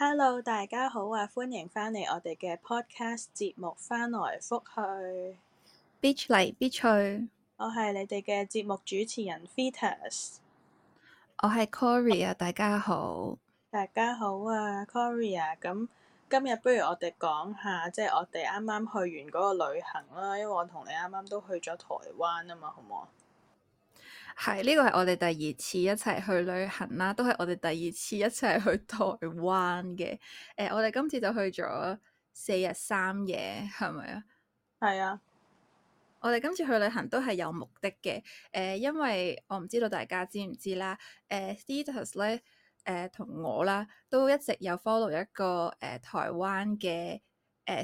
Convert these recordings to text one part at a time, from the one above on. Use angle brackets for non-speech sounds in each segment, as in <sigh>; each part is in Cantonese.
Hello，大家好啊！歡迎返嚟我哋嘅 Podcast 節目，返來覆去，Beach 嚟 Beach 去。我係你哋嘅節目主持人 Fetus，我係 Corey 啊！大家好，大家好啊！Corey 啊！咁今日不如我哋講下，即係我哋啱啱去完嗰個旅行啦。因為我同你啱啱都去咗台灣啊嘛，好唔好？係，呢個係我哋第二次一齊去旅行啦，都係我哋第二次一齊去台灣嘅。誒、呃，我哋今次就去咗四日三夜，係咪啊？係啊。我哋今次去旅行都係有目的嘅。誒、呃，因為我唔知道大家知唔知啦。誒 Ditas 咧，誒，同、呃、我啦，都一直有 follow 一個誒、呃、台灣嘅。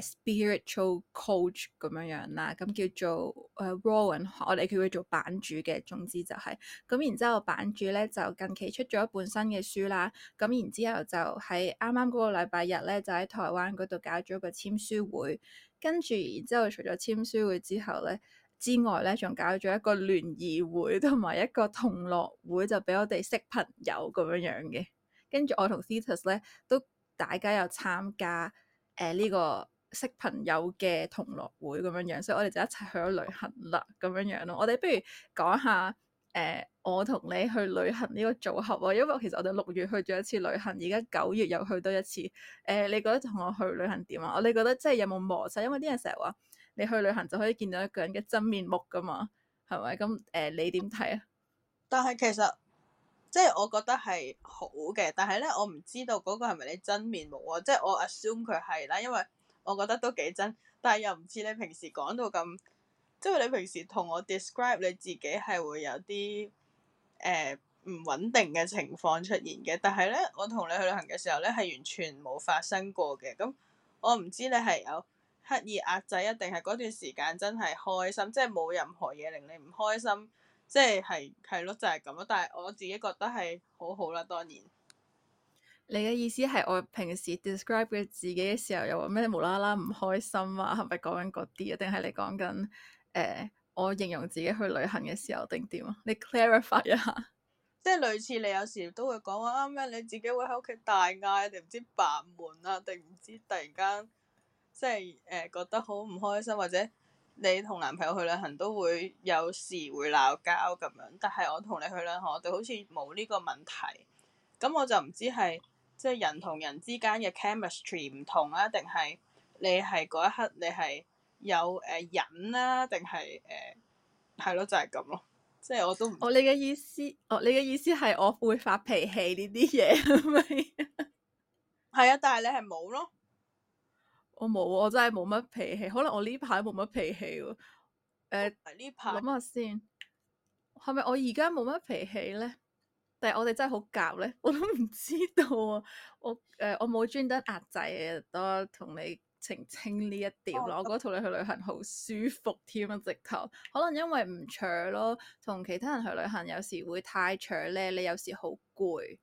spiritual coach 咁樣樣啦，咁叫做誒、uh, Rowan，我哋叫佢做版主嘅。總之就係、是、咁，然之後版主咧就近期出咗一本新嘅書啦。咁然之後就喺啱啱嗰個禮拜日咧，就喺台灣嗰度搞咗個簽書會。跟住然之後，後除咗簽書會之後咧之外咧，仲搞咗一個聯誼會同埋一個同樂會，就俾我哋識朋友咁樣樣嘅。跟住我同 Theaters 咧都大家有參加誒呢、呃這個。識朋友嘅同樂會咁樣樣，所以我哋就一齊去咗旅行啦。咁樣樣咯，我哋不如講下誒、呃，我同你去旅行呢個組合喎。因為其實我哋六月去咗一次旅行，而家九月又去多一次。誒、呃，你覺得同我去旅行點啊？我哋覺得即係有冇磨曬？因為啲人成日話你去旅行就可以見到一個人嘅真面目㗎嘛，係咪咁誒？你點睇啊？但係其實即係我覺得係好嘅，但係咧，我唔知道嗰個係咪你真面目啊？即係我 assume 佢係啦，因為。我覺得都幾真，但係又唔似你平時講到咁，即係你平時同我 describe 你自己係會有啲誒唔穩定嘅情況出現嘅。但係咧，我同你去旅行嘅時候咧，係完全冇發生過嘅。咁我唔知你係有刻意壓制，一定係嗰段時間真係開心，即係冇任何嘢令你唔開心，即係係係咯就係咁咯。但係我自己覺得係好好啦，當然。你嘅意思係我平時 describe 嘅自己嘅時候又話咩無啦啦唔開心啊，係咪講緊嗰啲啊？定係你講緊誒我形容自己去旅行嘅時候定點啊？你 clarify 一下，即係類似你有時都會講話啱啱你自己會喺屋企大嗌，定唔知扮悶啊，定唔知突然間即係誒、呃、覺得好唔開心，或者你同男朋友去旅行都會有時會鬧交咁樣，但係我同你去旅行，我哋好似冇呢個問題，咁我就唔知係。即係人同人之間嘅 chemistry 唔同啊，定係你係嗰一刻你係有誒忍啦，定係誒係咯，就係咁咯。即係我都唔。哦，你嘅意思，哦，你嘅意思係我會發脾氣呢啲嘢，係咪？ <laughs> 啊，但係你係冇咯。我冇，我真係冇乜脾氣，可能我呢排冇乜脾氣喎、誒。呢排諗下先，係咪我而家冇乜脾氣咧？但係我哋真係好夾咧，我都唔知道啊！我誒、呃，我冇專登壓制啊，同你澄清呢一點咯。哦，我覺得同你去旅行好舒服添啊，直頭可能因為唔搶咯，同其他人去旅行有時會太搶咧，你有時好攰，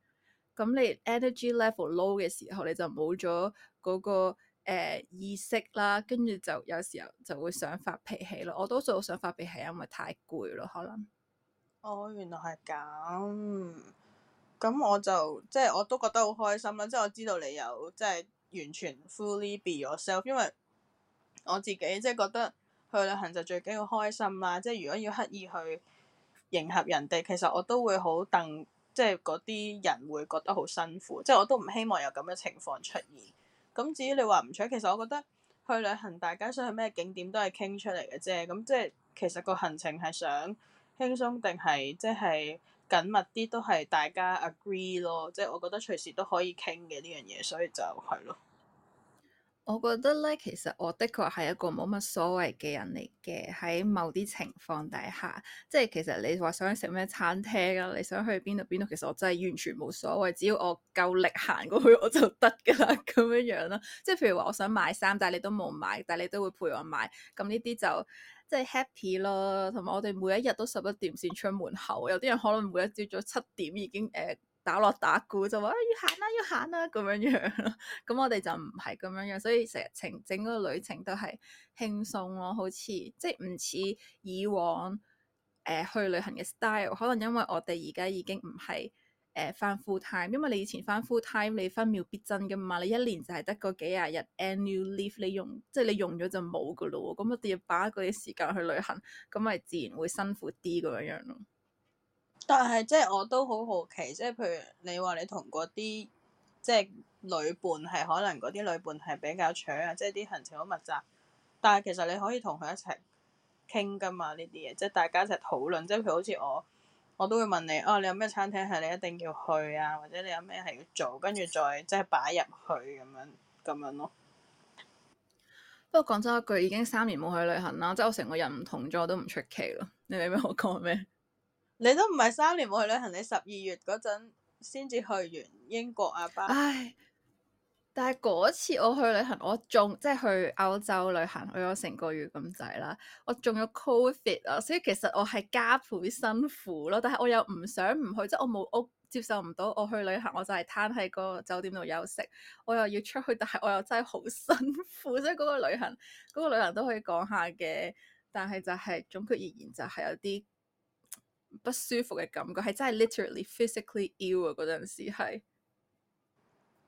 咁你 energy level low 嘅時候，你就冇咗嗰個誒、呃、意識啦，跟住就有時候就會想發脾氣咯。我多數想發脾氣，因為太攰咯，可能。哦，原來係咁，咁我就即係我都覺得好開心啦！即係我知道你有即係完全 fully be yourself，因為我自己即係覺得去旅行就最緊要開心啦。即係如果要刻意去迎合人哋，其實我都會好戥，即係嗰啲人會覺得好辛苦。即係我都唔希望有咁嘅情況出現。咁至於你話唔搶，其實我覺得去旅行大家想去咩景點都係傾出嚟嘅啫。咁即係其實個行程係想輕鬆定係即係緊密啲，都係大家 agree 咯。即係我覺得隨時都可以傾嘅呢樣嘢，所以就係咯。我覺得咧，其實我的確係一個冇乜所謂嘅人嚟嘅。喺某啲情況底下，即係其實你話想食咩餐廳呀，你想去邊度邊度，其實我真係完全冇所謂。只要我夠力行過去我就得㗎啦，咁樣樣啦。即係譬如話，我想買衫，但係你都冇買，但係你都會陪我買。咁呢啲就～即係 happy 咯，同埋我哋每一日都十一點先出門口，有啲人可能每一朝早七點已經誒、呃、打落打鼓就話、啊、要行啦要行啦咁樣樣，咁、嗯、我哋就唔係咁樣樣，所以成日整整個旅程都係輕鬆咯，好似即係唔似以往誒、呃、去旅行嘅 style，可能因為我哋而家已經唔係。誒、呃、翻 full time，因為你以前翻 full time，你分秒必爭噶嘛，你一年就係得嗰幾廿日 annual leave，你用即係你用咗就冇噶咯。咁一定要把嗰啲時間去旅行，咁咪自然會辛苦啲咁樣樣咯。但係即係我都好好奇，即係譬如你話你同嗰啲即係女伴係可能嗰啲女伴係比較搶啊，即係啲行程好密集，但係其實你可以同佢一齊傾噶嘛呢啲嘢，即係大家一齊討論，即係譬如好似我。我都會問你，哦，你有咩餐廳係你一定要去啊？或者你有咩係要做，跟住再即係擺入去咁樣咁樣咯。不過講真一句，已經三年冇去旅行啦，即係我成個人唔同咗我都唔出奇咯。你明唔明我講咩？你都唔係三年冇去旅行，你十二月嗰陣先至去完英國吖嘛。唉但係嗰次我去旅行，我仲即係去歐洲旅行，去咗成個月咁滯啦，我仲有 Covid 啊，所以其實我係加倍辛苦咯。但係我又唔想唔去，即係我冇屋，接受唔到我去旅行，我就係攤喺個酒店度休息。我又要出去，但係我又真係好辛苦，所以嗰個旅行，嗰個旅行都可以講下嘅。但係就係總括而言，就係有啲不舒服嘅感覺，係真係 literally physically ill 啊！嗰陣時係。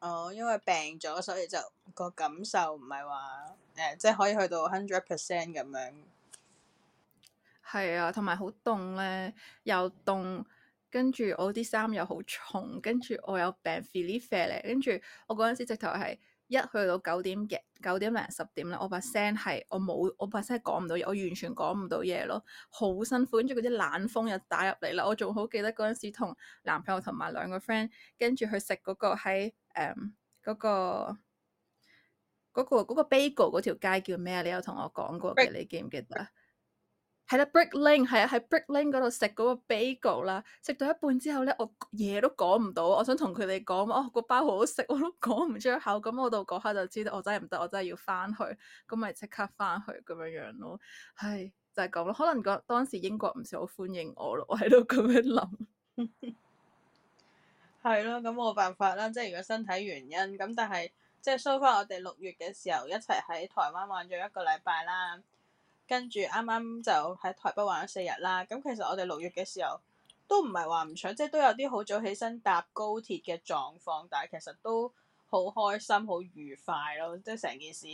哦，因為病咗，所以就、嗰個感受唔係話誒，即係可以去到 hundred percent 咁樣。係啊，同埋好凍咧，又凍，跟住我啲衫又好重，跟住我有病，feeling fit 咧， <laughs> 跟住我嗰陣時直頭係。一去到九點幾、九點零、十點啦，我把聲係我冇，我把聲講唔到嘢，我完全講唔到嘢咯，好辛苦。跟住嗰啲冷風又打入嚟啦，我仲好記得嗰陣時同男朋友同埋兩個 friend 跟住去食嗰個喺誒嗰個嗰個嗰個 Bagel 嗰條街叫咩啊？你有同我講過嘅，你記唔記得？係啦，Brick Lane 係啊，喺 Brick Lane 嗰度食嗰個 bagel 啦，食到一半之後咧，我嘢都講唔到，我想同佢哋講，哦，個包好好食，我都講唔出口，咁我到嗰刻就知道我真係唔得，我真係要翻去，咁咪即刻翻去咁樣樣咯，係就係、是、咁咯，可能個當時英國唔係好歡迎我咯，我喺度咁樣諗，係咯，咁冇辦法啦，即係如果身體原因，咁但係即係 show 翻我哋六月嘅時候一齊喺台灣玩咗一個禮拜啦。跟住啱啱就喺台北玩咗四日啦，咁其實我哋六月嘅時候都唔係話唔搶，即係都有啲好早起身搭高鐵嘅狀況，但係其實都好開心、好愉快咯，即係成件事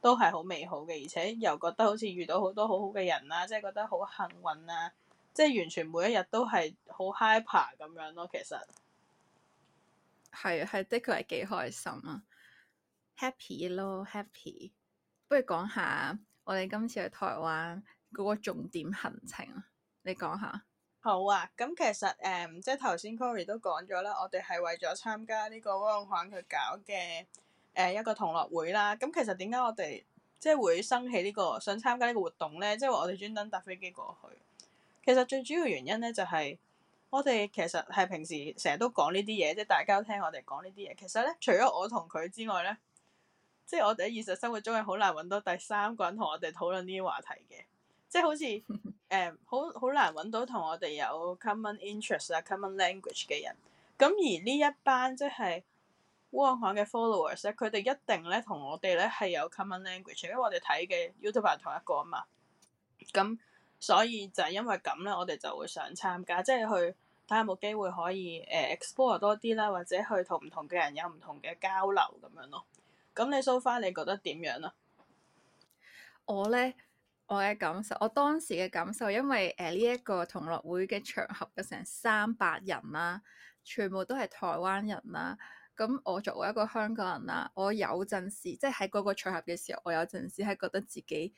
都係好美好嘅，而且又覺得好似遇到好多好好嘅人啦，即係覺得好幸運啊，即係完全每一日都係好 hyper 咁樣咯，其實係係的確係幾開心啊，happy 咯 happy，不如講下。我哋今次去台灣嗰個重點行程啊，你講下。好啊，咁、嗯、其實誒、嗯，即係頭先 Cory 都講咗啦，我哋係為咗參加呢個汪涵佢搞嘅誒、呃、一個同樂會啦。咁、嗯、其實點解我哋即係會生起呢、這個想參加呢個活動咧？即係話我哋專登搭飛機過去。其實最主要原因咧，就係、是、我哋其實係平時成日都講呢啲嘢，即係大家都聽我哋講呢啲嘢。其實咧，除咗我同佢之外咧。即係我哋喺現實生活中係好難揾到第三個人同我哋討論呢啲話題嘅，即係好似誒好好難揾到同我哋有 common interest 啊、common language 嘅人。咁而呢一班即係 online 嘅 followers 咧，佢哋一定咧同我哋咧係有 common language，因為我哋睇嘅 YouTuber 係同一個啊嘛。咁所以就係因為咁咧，我哋就會想參加，即係去睇下有冇機會可以誒、呃、explore 多啲啦，或者去同唔同嘅人有唔同嘅交流咁樣咯。咁你 show 翻你覺得點樣啊？我咧，我嘅感受，我當時嘅感受，因為誒，呢一個同樂會嘅場合有成三百人啦，啊，全部都係台灣人啦，啊，咁我作為一個香港人啦，啊，我有陣時即係喺嗰個場合嘅時候，我有陣時係覺得自己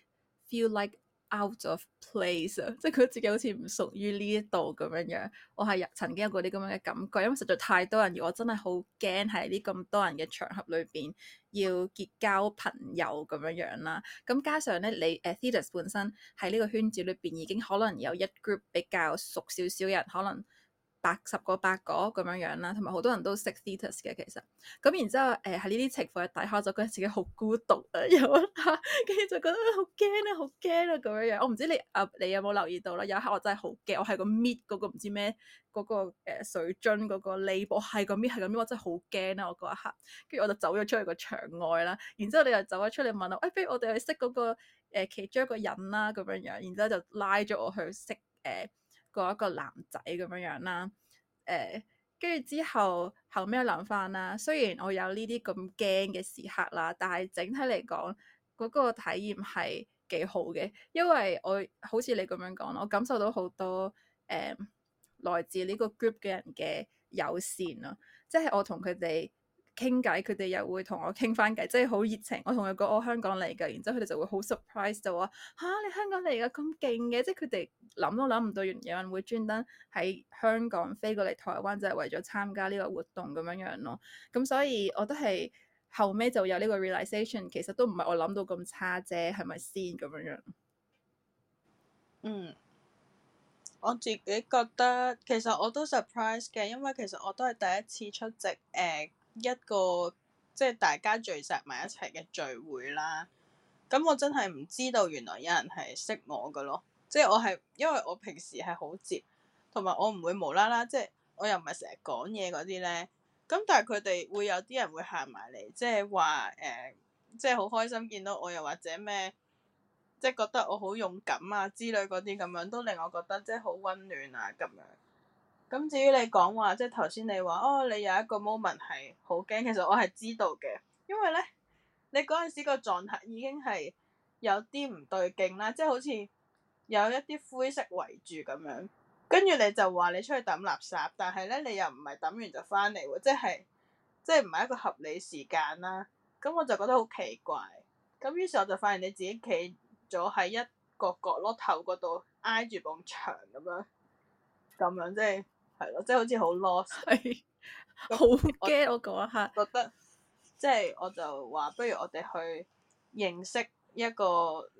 feel like。Out of place 即係佢自己好似唔屬於呢一度咁樣樣。我係曾經有過啲咁樣嘅感覺，因為實在太多人，如我真係好驚喺呢咁多人嘅場合裏邊要結交朋友咁樣樣啦。咁加上咧，你誒 theatre 本身喺呢個圈子裏邊已經可能有一 group 比較熟少少嘅人，可能。八十個八個咁樣樣啦，同埋好多人都識 theatre 嘅其實，咁然之後誒喺呢啲情況底下，就覺得自己好孤獨啊，有一刻跟住就覺得好驚啊，好驚啊咁樣樣。我唔知你啊，你有冇留意到啦？有一刻我真係好驚，我係個搣嗰、那個唔知咩嗰、那個水樽嗰個 label，我係個搣，係個搣，我真係好驚啦！我嗰一刻，跟住我就走咗出去個場外啦。然之後你又走咗出嚟問我，誒、哎，不如我哋去識嗰、那個誒其中一個人啦咁樣樣。然之後就拉咗我去識誒。誒過一個男仔咁樣樣啦，誒、嗯，跟住之後後尾諗翻啦，雖然我有呢啲咁驚嘅時刻啦，但係整體嚟講嗰個體驗係幾好嘅，因為我好似你咁樣講，我感受到好多誒、嗯、來自呢個 group 嘅人嘅友善咯，即係我同佢哋。傾偈，佢哋又會同我傾翻偈，即係好熱情。我同佢講我香港嚟㗎，然之後佢哋就會好 surprise 就話嚇、啊、你香港嚟㗎咁勁嘅，即係佢哋諗都諗唔到，有人會專登喺香港飛過嚟台灣，就係、是、為咗參加呢個活動咁樣樣咯。咁所以我都係後尾就有呢個 realization，其實都唔係我諗到咁差啫，係咪先咁樣樣？嗯，我自己覺得其實我都 surprise 嘅，因為其實我都係第一次出席誒，欸一個即係大家聚集埋一齊嘅聚會啦，咁我真係唔知道原來有人係識我㗎囉，即係我係因為我平時係好接，同埋我唔會無啦啦即係我又唔係成日講嘢嗰啲咧，咁但係佢哋會有啲人會行埋嚟，即係話誒，即係好開心見到我，又或者咩，即係覺得我好勇敢啊之類嗰啲咁樣，都令我覺得即係好溫暖啊咁樣。咁至於你講話，即係頭先你話哦，你有一個 moment 係好驚，其實我係知道嘅，因為咧，你嗰陣時個狀態已經係有啲唔對勁啦，即係好似有一啲灰色圍住咁樣，跟住你就話你出去抌垃圾，但係咧你又唔係抌完就翻嚟喎，即係即係唔係一個合理時間啦。咁我就覺得好奇怪，咁於是我就發現你自己企咗喺一個角落頭嗰度挨住埲牆咁樣，咁樣即係。係咯，即係好似好 lost，好驚， <laughs> 嗯、我嗰 <laughs> 一刻。覺得即係我就話，不如我哋去認識一個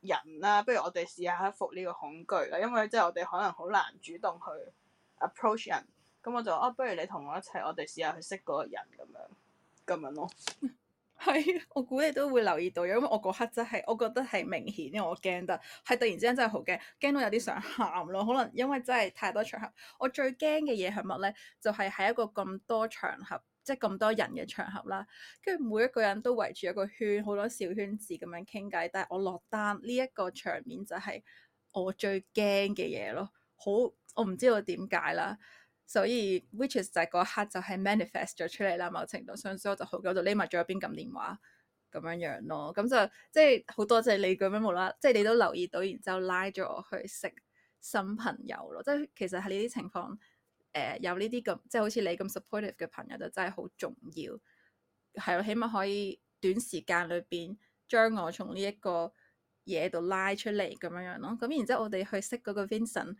人啦，不如我哋試下克服呢個恐懼啦，因為即係我哋可能好難主動去 approach 人，咁我就啊，不如你同我一齊我哋試下去識個人咁樣咁樣咯。 <laughs> 係，我估你都會留意到，因為我嗰刻真係，我覺得係明顯，因為我驚得，係突然之間真係好驚，驚到有啲想喊咯。可能因為真係太多場合，我最驚嘅嘢係乜咧？就係喺一個咁多場合，即係咁多人嘅場合啦，跟住每一個人都圍住一個圈，好多小圈子咁樣傾偈，但係我落單呢一個場面就係我最驚嘅嘢咯。好，我唔知道點解啦。所以，which is 就係嗰刻就係 manifest 咗出嚟啦，某程度上，所以我，我就好久就匿埋咗一邊撳電話咁樣樣咯。咁就即係好多謝你理據咩冇啦，即係你，你都留意到，然之後拉咗我去識新朋友咯。即係其實喺呢啲情況，誒、呃、有呢啲咁，即係好似你咁 supportive 嘅朋友，就真係好重要。係咯，起碼可以短時間裏邊將我從呢一個嘢度拉出嚟咁樣樣咯。咁然之後我哋去識嗰個 Vincent。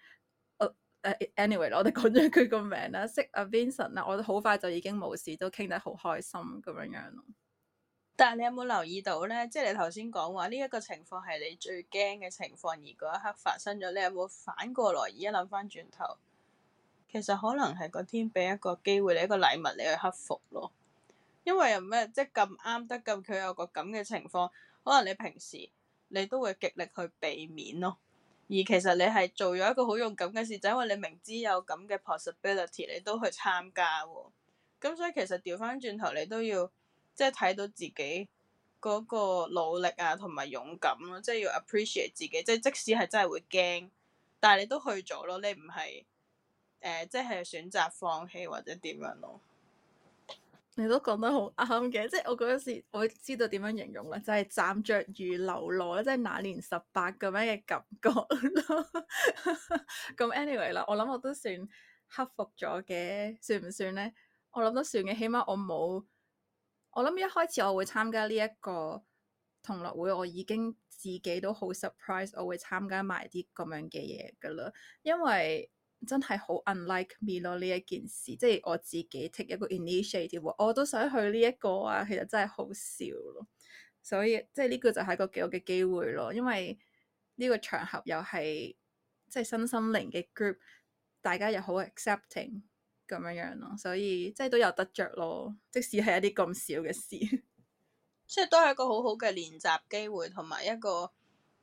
Anyway, 我哋講咗佢個名啦，識阿 Vincent 啦，我好快就已經冇事，都傾得好開心咁樣樣咯。但係你有冇留意到咧？即係你頭先講話呢一個情況係你最驚嘅情況，而嗰一刻發生咗。你有冇反過來而家諗翻轉頭？其實可能係個天俾一個機會，你一個禮物，你去克服咯。因為又咩？即係咁啱得咁，佢有個咁嘅情況，可能你平時你都會極力去避免咯。而其實你係做咗一個好勇敢嘅事，就因為你明知有咁嘅 possibility，你都去參加喎。咁所以其實調翻轉頭，你都要即係睇到自己嗰個努力啊，同埋勇敢咯，即係要 appreciate 自己。即係即使係真係會驚，但係你都去咗咯，你唔係誒，即係選擇放棄或者點樣咯。你都講得好啱嘅，即係我嗰時我知道點樣形容啦，就係站着如流落啦，即係那年十八咁樣嘅感覺。咁 <laughs> anyway 啦，我諗我都算克服咗嘅，算唔算咧？我諗都算嘅，起碼我冇。我諗一開始我會參加呢一個同樂會，我已經自己都好 surprise，我會參加埋啲咁樣嘅嘢噶啦，因為。真係好 unlike me 咯呢一件事，即係我自己 take 一個 initiative，我都想去呢一個啊。其實真係好少咯，所以即係呢個就係一個幾好嘅機會咯。因為呢個場合又係即係身心靈嘅 group，大家又好 accepting 咁樣樣咯，所以即係都有得着咯。即使係一啲咁少嘅事，即係都係一個好好嘅練習機會，同埋一個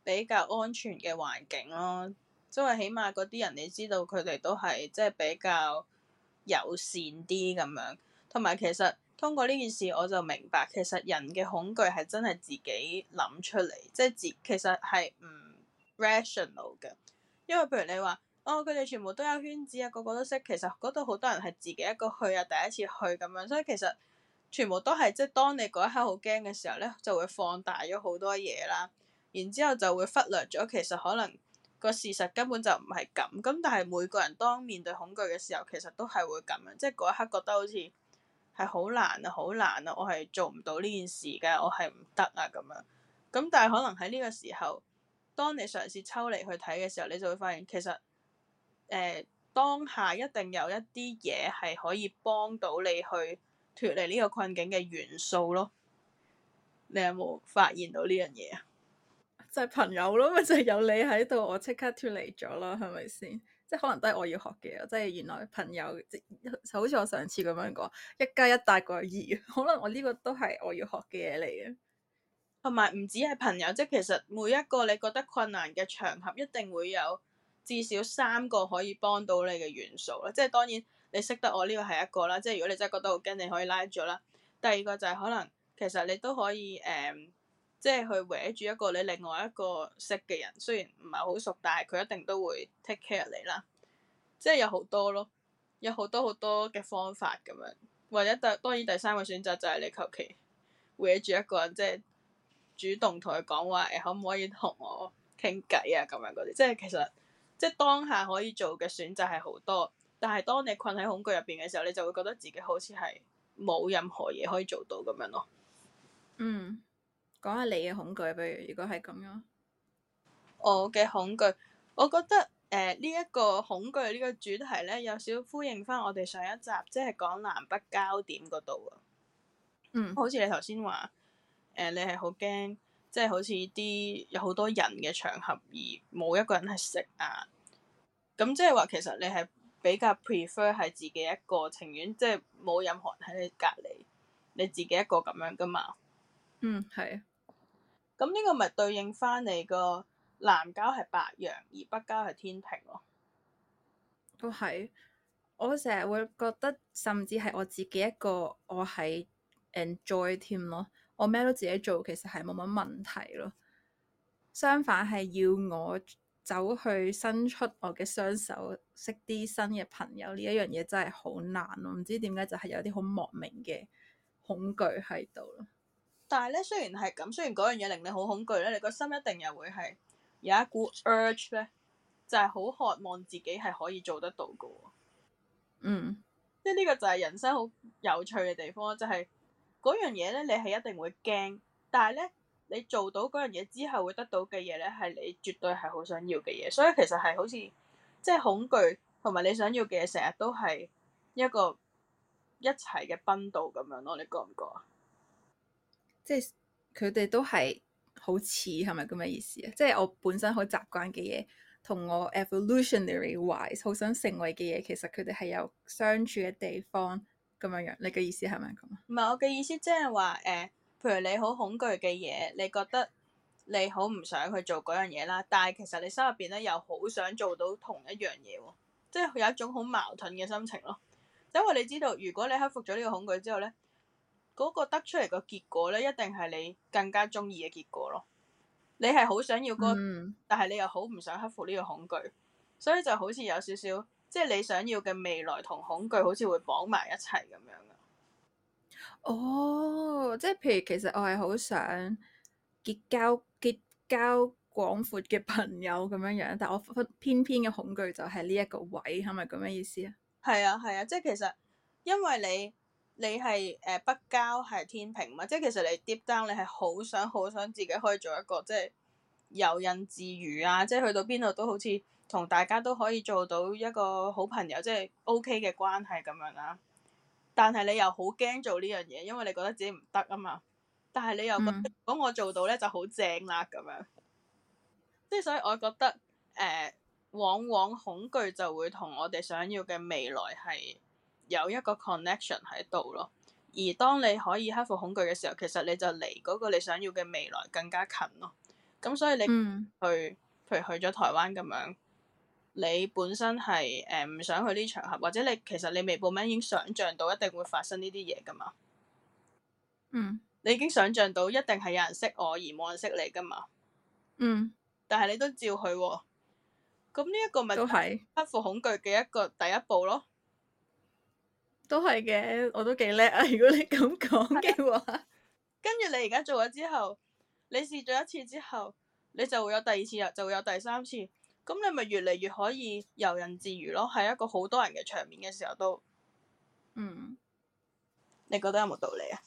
比較安全嘅環境咯。因為起碼嗰啲人你知道佢哋都係即係比較友善啲咁樣，同埋其實通過呢件事我就明白，其實人嘅恐懼係真係自己諗出嚟，即係自其實係唔 rational 嘅。因為譬如你話，哦佢哋全部都有圈子啊，個個都識，其實嗰度好多人係自己一個去啊，第一次去咁樣，所以其實全部都係即係當你嗰一刻好驚嘅時候咧，就會放大咗好多嘢啦，然之後就會忽略咗其實可能。個事實根本就唔係咁，咁但係每個人當面對恐懼嘅時候，其實都係會咁樣，即係嗰一刻覺得好似係好難啊，好難啊，我係做唔到呢件事㗎，我係唔得啊咁樣。咁但係可能喺呢個時候，當你嘗試抽離去睇嘅時候，你就會發現其實誒、呃、當下一定有一啲嘢係可以幫到你去脱離呢個困境嘅元素咯。你有冇發現到呢樣嘢啊？就係朋友咯，咪就係有你喺度，我即刻脱離咗啦，係咪先？即係可能都係我要學嘅，即係原來朋友，就好似我上次咁樣講，一加一大過二，可能我呢個都係我要學嘅嘢嚟嘅。同埋唔止係朋友，即係其實每一個你覺得困難嘅場合，一定會有至少三個可以幫到你嘅元素啦。即係當然你識得我呢個係一個啦，即係如果你真係覺得好驚，你可以拉咗啦。第二個就係可能其實你都可以誒。嗯。即係去圍住一個你另外一個識嘅人，雖然唔係好熟，但係佢一定都會 take care 你啦。即係有好多咯，有好多好多嘅方法咁樣，或者第當然第三個選擇就係你求其圍住一個人，即係主動同佢講話誒，可唔可以同我傾偈啊？咁樣嗰啲，即係其實即係當下可以做嘅選擇係好多，但係當你困喺恐懼入邊嘅時候，你就會覺得自己好似係冇任何嘢可以做到咁樣咯。嗯。講下你嘅恐懼，比如如果係咁樣，我嘅恐懼，我覺得誒呢一個恐懼呢，這個主題咧有少少呼應翻我哋上一集，即係講南北交點嗰度啊。嗯。好似你頭先話，誒、呃、你係、就是、好驚，即係好似啲有好多人嘅場合，而冇一個人係食啊。咁即係話，其實你係比較 prefer 係自己一個，情願即係冇任何人喺你隔籬，你自己一個咁樣噶嘛。嗯，係啊。咁呢個咪對應翻你個南交係白羊，而北交係天平咯。都係、哦、我成日會覺得，甚至係我自己一個，我係 enjoy 添咯。我咩都自己做，其實係冇乜問題咯。相反係要我走去伸出我嘅雙手，識啲新嘅朋友呢一樣嘢真係好難咯。唔知點解就係、是、有啲好莫名嘅恐懼喺度咯。但係咧，雖然係咁，雖然嗰樣嘢令你好恐懼咧，你個心一定又會係有一股 urge 咧，就係、是、好渴望自己係可以做得到噶。嗯，即係呢個就係人生好有趣嘅地方，就係嗰樣嘢咧，你係一定會驚，但係咧，你做到嗰樣嘢之後會得到嘅嘢咧，係你絕對係好想要嘅嘢。所以其實係好似即係恐懼同埋你想要嘅嘢，成日都係一個一齊嘅奔度咁樣咯。你覺唔覺啊？即係佢哋都係好似係咪咁嘅意思啊？即係我本身好習慣嘅嘢，同我 evolutionary wise 好想成為嘅嘢，其實佢哋係有相處嘅地方咁樣樣。你嘅意思係咪咁啊？唔係，我嘅意思即係話誒，譬如你好恐懼嘅嘢，你覺得你好唔想去做嗰樣嘢啦，但係其實你心入邊咧又好想做到同一樣嘢喎、喔，即係有一種好矛盾嘅心情咯。因為你知道，如果你克服咗呢個恐懼之後咧，嗰個得出嚟嘅結果咧，一定係你更加中意嘅結果咯。你係好想要嗰，嗯，但係你又好唔想克服呢個恐懼，所以就好似有少少，即係你想要嘅未來同恐懼好似會綁埋一齊咁樣嘅。哦，即係譬如其實我係好想結交結交廣闊嘅朋友咁樣樣，但我偏偏嘅恐懼就係呢一個位，係咪咁嘅意思啊？係啊，係啊，即係其實因為你。你係誒、呃、北交，係天平嘛，即係其實你 deep down 你係好想好想自己可以做一個即係遊刃自如啊，即係去到邊度都好似同大家都可以做到一個好朋友，即係 OK 嘅關係咁樣啦、啊。但係你又好驚做呢樣嘢，因為你覺得自己唔得啊嘛。但係你又覺得，嗯、如果我做到咧就好正啦咁樣。即係所以，我覺得誒、呃，往往恐懼就會同我哋想要嘅未來係。有一個 connection 喺度咯，而當你可以克服恐懼嘅時候，其實你就離嗰個你想要嘅未來更加近咯。咁所以你去，嗯、譬如去咗台灣咁樣，你本身係誒唔想去呢場合，或者你其實你未報名已經想像到一定會發生呢啲嘢噶嘛。嗯。你已經想像到一定係有人識我而冇人識你噶嘛？嗯。但係你都照去喎。咁呢一個咪克服恐懼嘅一個第一步咯。都係嘅，我都幾叻啊！如果你咁講嘅話， <laughs> 跟住你而家做咗之後，你試咗一次之後，你就會有第二次啊，就會有第三次。咁你咪越嚟越可以游刃自如咯。係一個好多人嘅場面嘅時候都，嗯，你覺得有冇道理啊？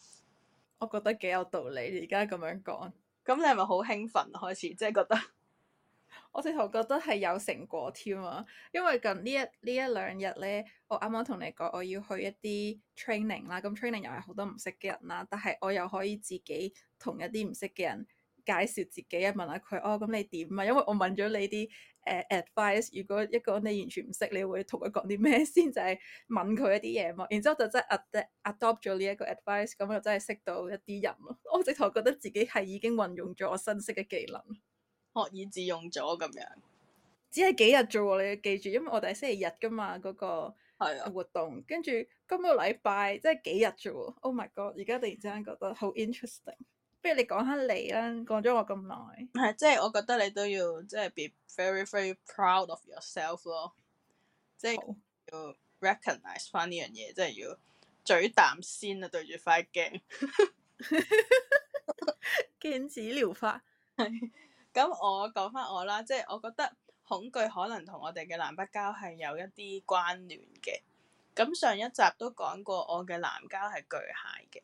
我覺得幾有道理。而家咁樣講，咁你係咪好興奮開始？即係覺得。我直頭覺得係有成果添啊！因為近一一兩呢一呢一兩日咧，我啱啱同你講我要去一啲 training 啦，咁 training 又係好多唔識嘅人啦，但係我又可以自己同一啲唔識嘅人介紹自己啊，問下佢哦，咁你點啊？因為我問咗你啲誒 advice，如果一個你完全唔識，你會同佢講啲咩先？就係問佢一啲嘢嘛，然之後就真係 adopt adopt 咗呢一個 advice，咁就真係識到一啲人咯。我直頭覺得自己係已經運用咗我新識嘅技能。學以致用咗咁樣，只係幾日啫，你要記住，因為我哋係星期日噶嘛，嗰、嗰個係啊活動。跟住的今個禮拜即係幾日啫。Oh my god！而家突然之間覺得好 interesting。不如你講下你啦，講咗我咁耐係，即係我覺得你都要即係 be very very proud of yourself 咯，即係好要 recognize 翻呢樣嘢，即係要嘴淡先啦、啊，對住塊鏡鏡子療法係。咁我講翻我啦，即係我覺得恐懼可能同我哋嘅南北交係有一啲關聯嘅。咁上一集都講過，我嘅南交係巨蟹嘅，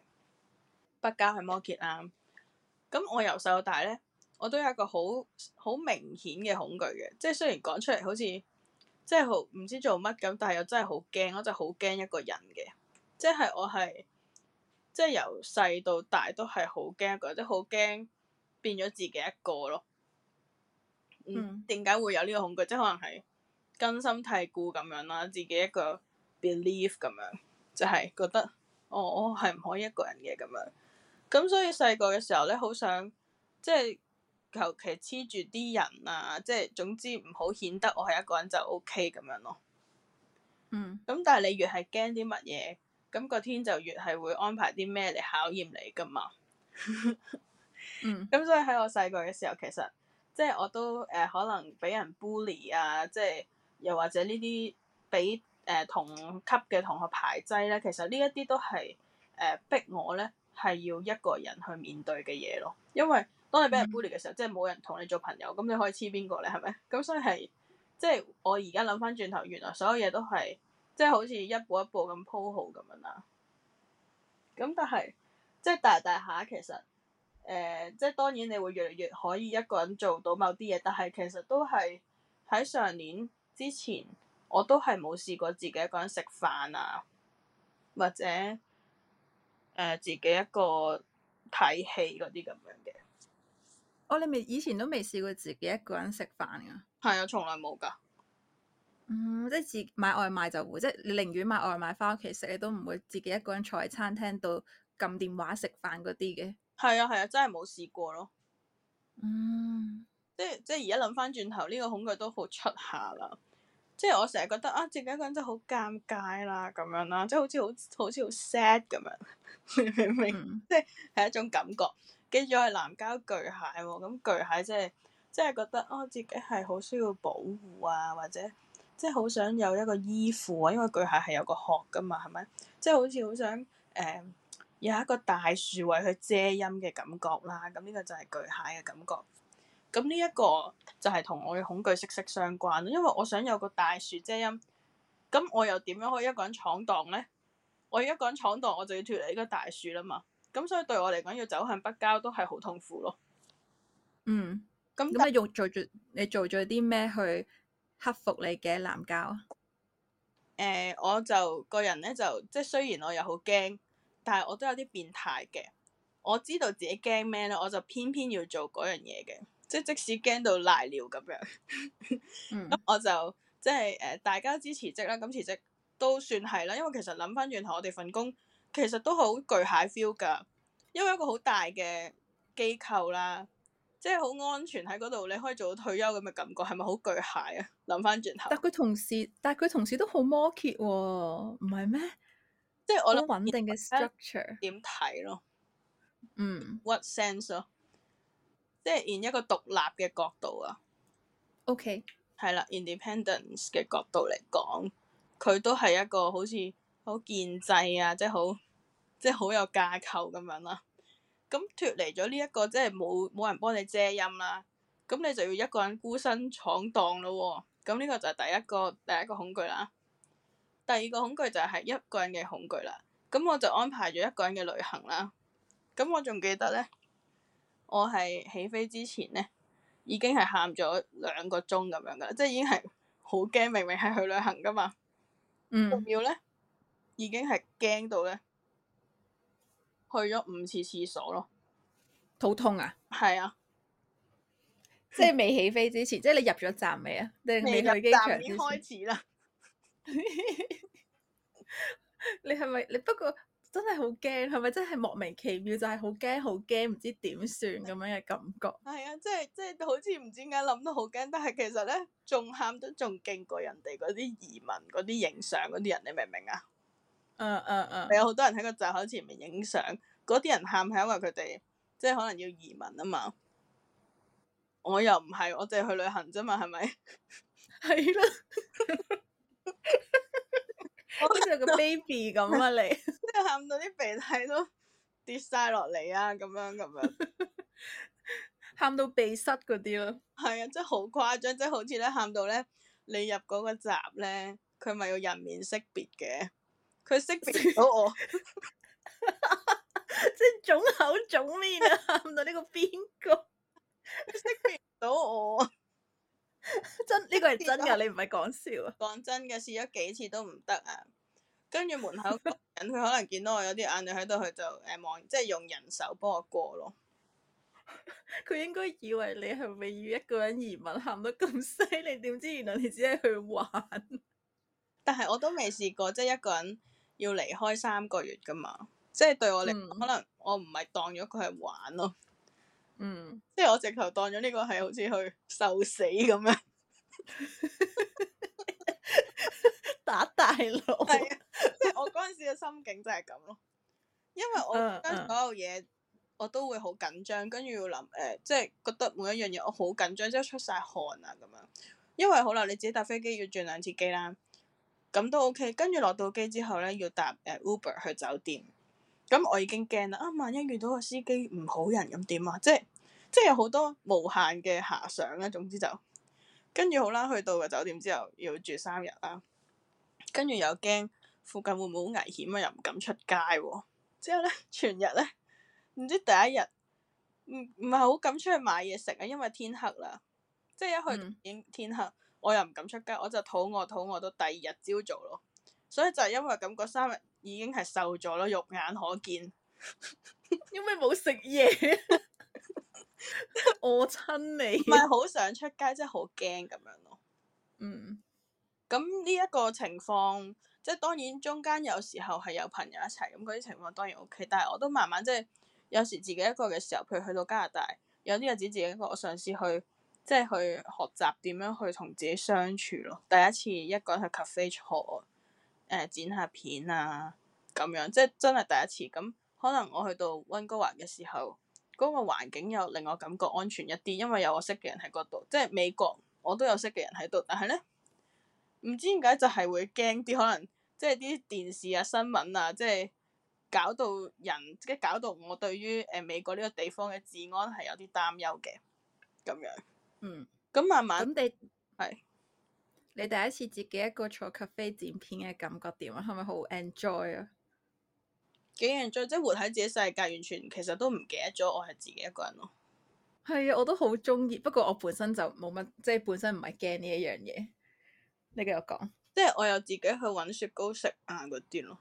北交係摩羯啦。咁我由細到大咧，我都有一個好好明顯嘅恐懼嘅，即係雖然講出嚟好似即係好唔知做乜咁，但係又真係好驚，我真係好驚一個人嘅，即係我係即係由細到大都係好驚一個，即係好驚變咗自己一個咯。嗯，點解會有呢個恐懼？即係可能係根深蒂固咁樣啦，自己一個 believe 咁樣，就係、是、覺得，哦，我係唔可以一個人嘅咁樣。咁所以細個嘅時候咧，好想即係求其黐住啲人啊，即係總之唔好顯得我係一個人就 OK 咁樣咯。嗯。咁但係你越係驚啲乜嘢，咁、那個天就越係會安排啲咩嚟考驗你噶嘛。 <laughs> 嗯。咁所以喺我細個嘅時候，其實。即係我都誒、呃、可能俾人 bully 啊，即係又或者呢啲俾誒同級嘅同學排擠咧，其實呢一啲都係誒、呃、逼我咧係要一個人去面對嘅嘢咯。因為當你俾人 bully 嘅時候，嗯、即係冇人同你做朋友，咁你可以黐邊個咧？係咪？咁所以係即係我而家諗翻轉頭，原來所有嘢都係即係好似一步一步咁鋪好咁樣啦。咁但係即係大大下其實。誒、呃，即係當然你會越嚟越可以一個人做到某啲嘢，但係其實都係喺上年之前，我都係冇試過自己一個人食飯啊，或者誒、呃、自己一個睇戲嗰啲咁樣嘅。我你未以前都未試過自己一個人食飯噶？係啊，從來冇噶。嗯，即係自己買外賣就會，即係你寧願買外賣翻屋企食，你都唔會自己一個人坐喺餐廳度撳電話食飯嗰啲嘅。係啊係啊，真係冇試過咯。嗯，即係即係而家諗翻轉頭，呢個恐懼都好出下啦。即係我成日覺得啊，自己一個人真係好尷尬啦、啊，咁樣啦，即係好似好好似好 sad 咁樣，明唔明？即係係一種感覺。跟住我係南交巨蟹喎、哦，咁巨蟹即係即係覺得啊，自己係好需要保護啊，或者即係好想有一個依附啊，因為巨蟹係有個殼噶嘛，係咪？即係好似好想誒。嗯有一個大樹為佢遮陰嘅感覺啦，咁呢個就係巨蟹嘅感覺。咁呢一個就係同我嘅恐懼息息相關，因為我想有個大樹遮陰，咁我又點樣可以一個人闖蕩咧？我一個人闖蕩，我就要脫離呢個大樹啦嘛。咁所以對我嚟講，要走向北交都係好痛苦咯。嗯，咁咁你用做咗你做咗啲咩去克服你嘅南交啊？誒、呃，我就個人咧，就即係雖然我又好驚。但係我都有啲變態嘅，我知道自己驚咩咧，我就偏偏要做嗰樣嘢嘅，即係即使驚到瀨尿咁樣，咁、 <laughs> 嗯、我就即係誒大家支持職啦，咁辭職都算係啦，因為其實諗翻轉頭，我哋份工其實都好巨蟹 feel 㗎，因為一個好大嘅機構啦，即係好安全喺嗰度，你可以做到退休咁嘅感覺，係咪好巨蟹啊？諗翻轉頭，但佢同事，但佢同事都好摩羯喎，唔係咩？即係我諗穩定嘅 structure，點睇咯？嗯、mm.，what sense 咯？即係喺一個獨立嘅角度啊。OK。係啦，independence 嘅角度嚟講，佢都係一個好似好建制啊，即係好，即係好有架構咁樣啦、啊。咁脫離咗呢一個，即係冇冇人幫你遮陰啦。咁你就要一個人孤身闖蕩咯。咁呢個就係第一個第一個恐懼啦。第二個恐懼就係一個人嘅恐懼啦，咁我就安排咗一個人嘅旅行啦。咁我仲記得咧，我係起飛之前咧，已經係喊咗兩個鐘咁樣噶啦，即係已經係好驚，明明係去旅行噶嘛。嗯。仲要咧，已經係驚到咧，去咗五次廁所咯，肚痛啊！係啊，即係未起飛之前， <laughs> 即係你入咗站未啊？定未入機場之前？開始啦。 <laughs> 你係咪？你不過真係好驚，係咪真係莫名其妙就係好驚好驚，唔知點算咁樣嘅感覺？係 <laughs> 啊，即係即係，就是，好似唔知點解諗到好驚，但係其實咧，仲喊得仲勁過人哋嗰啲移民嗰啲影相嗰啲人，你明唔明啊？嗯嗯嗯，有好多人喺個閘口前面影相，嗰啲人喊係因為佢哋即係可能要移民啊嘛。我又唔係，我淨係去旅行啫嘛，係咪？係囉。 <laughs> 我好似個 baby 咁啊，你即係喊到啲鼻涕都跌晒落嚟啊，咁樣咁樣，喊 <laughs> 到鼻塞嗰啲咯。係 <laughs> 啊，即係好誇張，即係好似咧喊到咧，你入嗰個閘咧，佢咪要人面識別嘅，佢識別 <laughs> <laughs> <laughs> <laughs> 唔到， <laughs> <laughs> 唔到我，即係腫口腫面啊，喊到呢個邊個，識別唔到我。 <laughs> 真呢個係真噶， <laughs> 你唔係講笑啊！講真嘅，試咗幾次都唔得啊。跟住門口個人，佢 <laughs> 可能見到我有啲眼淚喺度，佢就誒望、呃，即係用人手幫我過咯。佢 <laughs> 應該以為你係咪要一個人移民，喊得咁犀利？點知原來你只係去玩。 <laughs> 但係我都未試過，即係一個人要離開三個月噶嘛，即係對我嚟講，嗯、可能我唔係當咗佢係玩咯。嗯，即係我直頭當咗呢個係好似去受死咁樣， <laughs> <laughs> <laughs> 打大佬，係啊，即係我嗰陣時嘅心境就係咁咯。因為我覺得所有嘢，我都會好緊張，跟住要諗，誒，即係覺得每一樣嘢我好緊張，即係出晒汗啊咁樣。因為好啦，你自己搭飛機要轉兩次機啦，咁都 OK。跟住落到機之後咧，要搭誒 Uber 去酒店。咁我已經驚啦！啊，萬一遇到個司機唔好人咁點啊？即係即係有好多無限嘅遐想啦、啊。總之就跟住好啦，去到個酒店之後要住三日啦、啊。跟住又驚附近會唔會好危險啊？又唔敢出街、啊。之後咧，全日咧，唔知第一日唔唔係好敢出去買嘢食啊，因為天黑啦。即係一去已經天黑，我又唔敢出街，我就肚餓肚餓到第二日朝早咯。所以就係因為咁三日。已經係瘦咗咯，肉眼可見。 <laughs> 因為冇食嘢， <laughs> 我親你。唔係好想出街，即係好驚咁樣咯。嗯。咁呢一個情況，即係當然中間有時候係有朋友一齊咁，嗰啲情況當然 OK。但係我都慢慢即係有時自己一個嘅時候，譬如去到加拿大，有啲日子自己一個，我嘗試去即係去學習點樣去同自己相處咯。第一次一個人去 cafe 坐。誒、呃、剪下片啊，咁樣即係真係第一次。咁可能我去到溫哥華嘅時候，嗰、那個環境又令我感覺安全一啲，因為有我識嘅人喺嗰度。即係美國，我都有識嘅人喺度，但係咧，唔知點解就係會驚啲，可能即係啲電視啊、新聞啊，即係搞到人，即係搞到我對於誒、呃、美國呢個地方嘅治安係有啲擔憂嘅。咁樣，嗯，咁慢慢，咁係你第一次自己一個坐咖啡剪片嘅感覺點啊？係咪好 enjoy 啊？幾 enjoy，即係活喺自己世界，完全其實都唔記得咗我係自己一個人咯。係啊，我都好中意。不過我本身就冇乜，即係本身唔係驚呢一樣嘢。你繼續講，即係我又自己去搵雪糕食啊，嗰啲咯。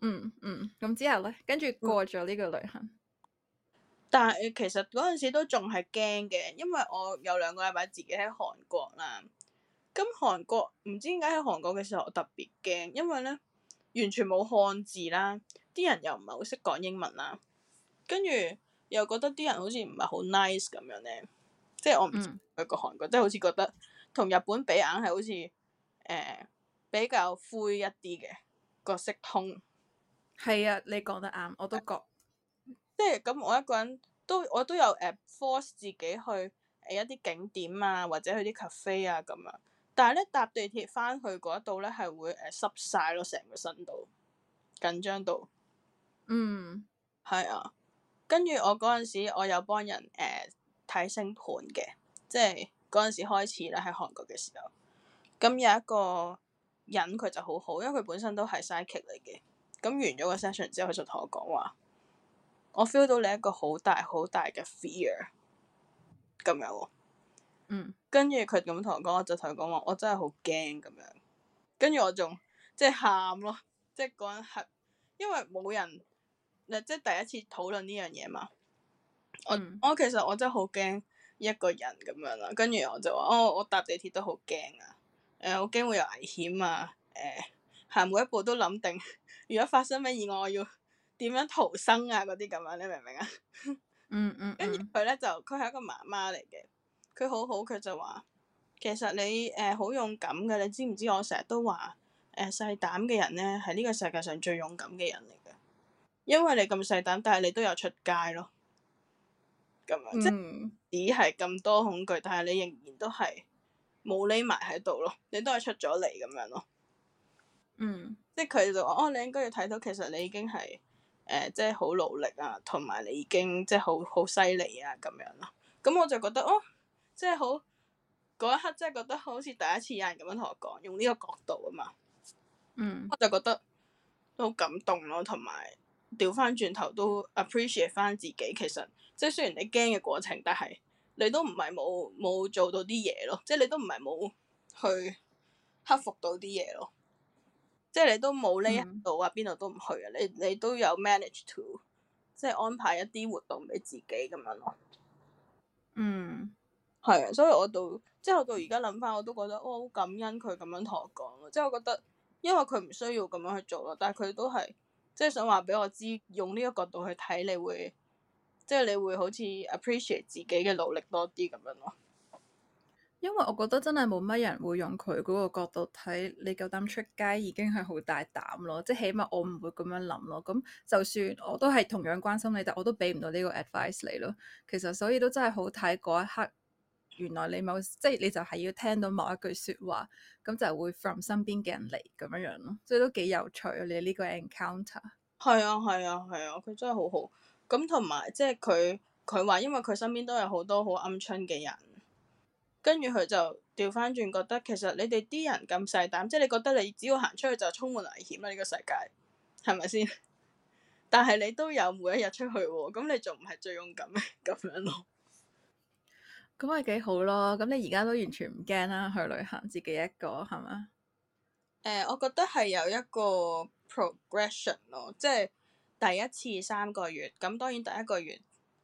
嗯嗯，咁之後呢，跟住過咗呢個旅行，嗯、但係其實嗰陣時都仲係驚嘅，因為我有兩個禮拜自己喺韓國啦。咁韓國唔知點解，喺韓國嘅時候我特別驚，因為咧完全冇漢字啦，啲人又唔係好識講英文啦，跟住又覺得啲人好似唔係好 nice 咁樣咧，即係我唔去過韓國，嗯、即係好似覺得同日本比硬係好似誒、呃、比較灰一啲嘅個色通，係啊，你講得啱，我都覺即係咁，我一個人都我都有誒 force 自己去誒一啲景點啊，或者去啲 cafe 啊咁啊。但係咧搭地鐵翻去嗰一度咧係會誒濕晒咯成個身度，緊張到，嗯係啊，跟住我嗰陣時我有幫人誒睇、呃、星盤嘅，即係嗰陣時開始咧喺韓國嘅時候，咁有一個人佢就好好，因為佢本身都係 psychic 嚟嘅，咁完咗個 session 之後佢就同我講話，我 feel 到你一個好大好大嘅 fear，咁樣、喎。嗯，跟住佢咁同我講，我就同佢講話，我真係好驚咁樣，跟住我仲即係喊咯，即係嗰陣因為冇人，誒，即係第一次討論呢樣嘢嘛，我、嗯、我其實我真係好驚一個人咁樣啦，跟住我就話，哦，我搭地鐵都好驚啊，誒、呃，我驚會有危險啊，誒、呃，行每一步都諗定，如果發生咩意外，我要點樣逃生啊，嗰啲咁樣，你明唔明啊？嗯嗯，跟住佢咧就佢係一個媽媽嚟嘅。佢好好，佢就話其實你誒好、呃、勇敢嘅。你知唔知我成日都話誒細膽嘅人咧係呢個世界上最勇敢嘅人嚟嘅？因為你咁細膽，但係你都有出街咯，咁樣、嗯、即係只係咁多恐懼，但係你仍然都係冇匿埋喺度咯，你都係出咗嚟咁樣咯。嗯，即係佢就話，哦，你應該要睇到其實你已經係誒、呃、即係好努力啊，同埋你已經即係好好犀利啊咁樣咯。咁我就覺得哦。即係好，嗰一刻，即係覺得好似第一次有人咁樣同我講，用呢個角度啊嘛，嗯，我就覺得都好感動咯。同埋調翻轉頭都 appreciate 翻自己，其實即係雖然你驚嘅過程，但係你都唔係冇冇做到啲嘢咯。即係你都唔係冇去克服到啲嘢咯。即係你都冇呢一度啊，邊度、嗯、都唔去啊。你你都有 manage to 即係安排一啲活動俾自己咁樣咯。嗯。係啊，所以我到即係我到而家諗翻，我都覺得哦，好感恩佢咁樣同我講咯。即係我覺得，因為佢唔需要咁樣去做咯，但係佢都係即係想話俾我知，用呢個角度去睇，你會即係你會好似 appreciate 自己嘅努力多啲咁樣咯。因為我覺得真係冇乜人會用佢嗰個角度睇，你夠膽出街已經係好大膽咯。即係起碼我唔會咁樣諗咯。咁就算我都係同樣關心你，但我都俾唔到呢個 advice 你咯。其實所以都真係好睇嗰一刻。原來你冇即係你就係要聽到某一句説話，咁就會 from 身邊嘅人嚟咁樣樣咯、啊啊啊，所以都幾有趣啊。你呢個 encounter。係啊，係啊，係啊，佢真係好好。咁同埋即係佢佢話，因為佢身邊都有好多好鵪鶉嘅人，跟住佢就調翻轉覺得其實你哋啲人咁細膽，即係你覺得你只要行出去就充滿危險啦，呢、這個世界係咪先？ <laughs> 但係你都有每一日出去喎，咁你仲唔係最勇敢咁樣咯？ <laughs> <laughs> 咁咪幾好咯！咁你而家都完全唔驚啦，去旅行自己一個係嘛？誒、呃，我覺得係有一個 progression 咯，即係第一次三個月，咁當然第一個月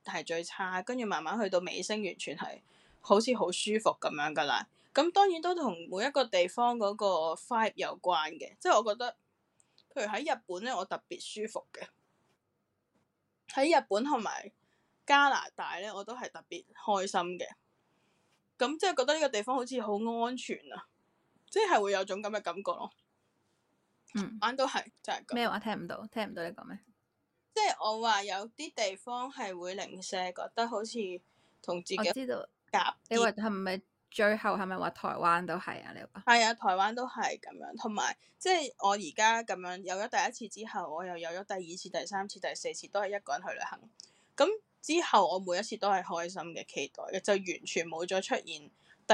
係最差，跟住慢慢去到尾聲，完全係好似好舒服咁樣㗎喇。咁當然都同每一個地方嗰個 vibe 有關嘅，即係我覺得，譬如喺日本咧，我特別舒服嘅；喺日本同埋加拿大咧，我都係特別開心嘅。咁即係覺得呢個地方好似好安全啊，即係會有種咁嘅感覺咯。嗯，玩都係，就係咁。咩話？聽唔到？聽唔到你講咩？即係我話有啲地方係會零舍，覺得好似同自己知道夾。你話係咪最後係咪話台灣都係啊？你話？係啊，台灣都係咁樣，同埋即係我而家咁樣有咗第一次之後，我又有咗第二次、第三次、第四次，都係一個人去旅行。咁之後，我每一次都係開心嘅期待嘅，就完全冇再出現第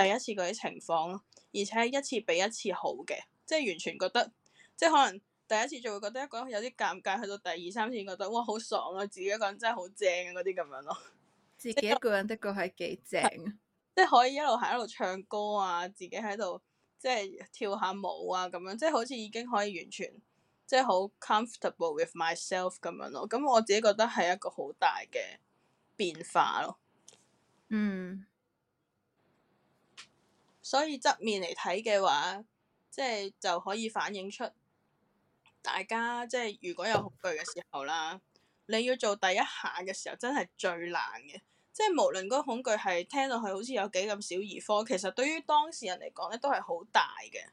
一次嗰啲情況咯。而且一次比一次好嘅，即係完全覺得，即係可能第一次就會覺得一個有啲尷尬，去到第二三次覺得哇好爽啊！自己一個人真係好正啊，嗰啲咁樣咯。自己一個人的確係幾正啊！即係可以一路行一路唱歌啊，自己喺度即係跳下舞啊，咁樣即係好似已經可以完全即係好 comfortable with myself 咁樣咯。咁我自己覺得係一個好大嘅變化咯，嗯，所以側面嚟睇嘅話，即係就可以反映出大家即係如果有恐懼嘅時候啦，你要做第一下嘅時候真係最難嘅，即係無論嗰個恐懼係聽落去好似有幾咁小兒科，其實對於當事人嚟講咧都係好大嘅，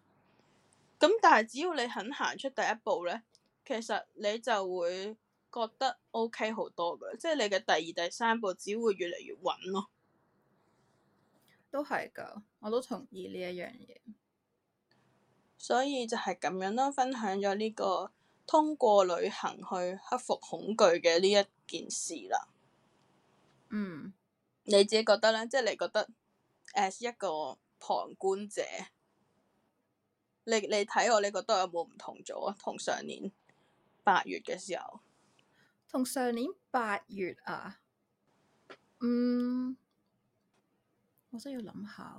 咁但係只要你肯行出第一步咧，其實你就會。覺得 OK 好多噶，即係你嘅第二、第三步，只會越嚟越穩咯、哦。都係噶，我都同意呢一樣嘢。所以就係咁樣啦。分享咗呢、這個通過旅行去克服恐懼嘅呢一件事啦。嗯，你自己覺得呢？即係你覺得，as 一個旁觀者，你你睇我，你覺得有冇唔同咗啊？同上年八月嘅時候。同上年八月啊，嗯，我真要諗下。